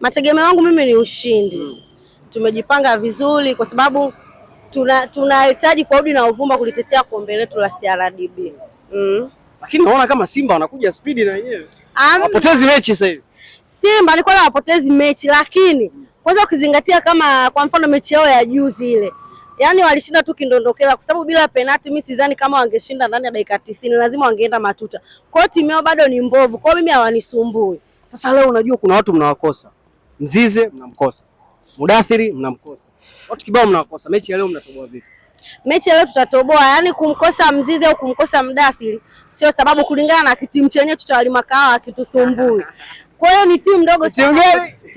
Mategemeo yangu mimi ni ushindi mm. Tumejipanga vizuri kwa sababu tunahitaji tuna kaudi na uvumba kulitetea kombe letu la CRDB mm. Lakini naona kama Simba wanakuja spidi na wenyewe um, wapotezi mechi sasa hivi. Simba alikuwa kweli wapotezi mechi, lakini kwanza ukizingatia kama kwa mfano mechi yao ya juzi ile yaani walishinda tu kindondokela, kwa sababu bila penati mimi sidhani kama wangeshinda ndani ya dakika tisini, lazima wangeenda matuta. Kwa hiyo timu yao bado ni mbovu, kwa hiyo mimi hawanisumbui. Sasa leo unajua kuna watu mnawakosa Mzize mnamkosa, Mudathiri mnamkosa, watu kibao mnawakosa. Mechi ya leo mnatoboa vipi? Mechi ya leo tutatoboa. Yaani kumkosa Mzize au kumkosa Mudathiri sio sababu, kulingana na kitimu chenyewe tutawalima akitusumbui kitusumbui. Kwa hiyo ni timu ndogo sana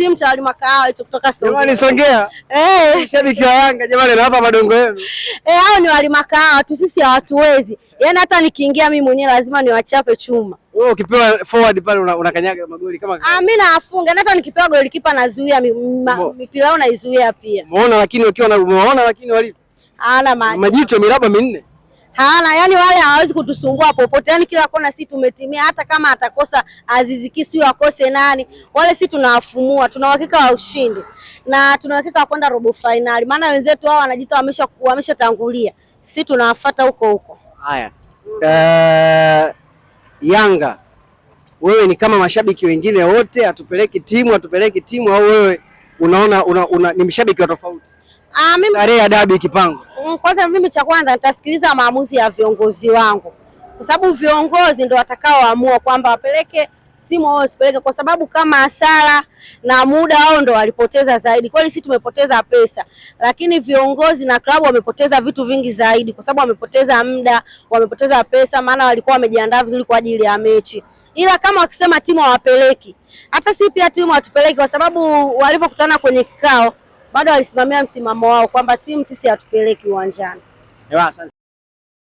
timu cha Halima Kahawa hicho kutoka Songea. Jamani Songea. Eh, shabiki wa Yanga jamani na hapa madongo yenu. Eh, hao ni Halima Kahawa tu sisi hawatuwezi. Yaani hata nikiingia mimi mwenyewe lazima niwachape chuma. Wewe oh, ukipewa forward pale unakanyaga una magoli kama Ah, mimi nafunga. Hata nikipewa goli kipa nazuia mipira au naizuia pia. Umeona lakini ukiwa na umeona lakini walipo. Hana maji. Majito miraba minne hawana yani, wale hawawezi kutusumbua popote, yani kila kona si tumetimia. Hata kama atakosa aziziki Ki sio akose nani, wale si tunawafumua, tuna uhakika wa ushindi na tuna uhakika wa kwenda robo finali, maana wenzetu hao wanajita wamesha wameshatangulia, si tunawafata huko huko. Haya, uh, Yanga wewe ni kama mashabiki wengine wote, hatupeleki timu hatupeleki timu, au wewe unaona una, una, ni mshabiki wa tofauti? Ah, mimi tarehe ya dabi Mm, kwanza mimi cha kwanza nitasikiliza maamuzi ya viongozi wangu, kwa sababu viongozi ndio watakaoamua kwamba wapeleke timu au wasipeleke, kwa sababu kama hasara na muda wao ndo walipoteza zaidi. Kweli sisi tumepoteza pesa, lakini viongozi na klabu wamepoteza vitu vingi zaidi, kwa sababu wamepoteza muda, wamepoteza pesa, maana walikuwa wamejiandaa vizuri kwa ajili ya mechi. Ila kama wakisema timu hawapeleki, hata si pia timu hatupeleki, kwa sababu walivyokutana kwenye kikao bado walisimamia msimamo wao kwamba timu sisi hatupeleki uwanjani.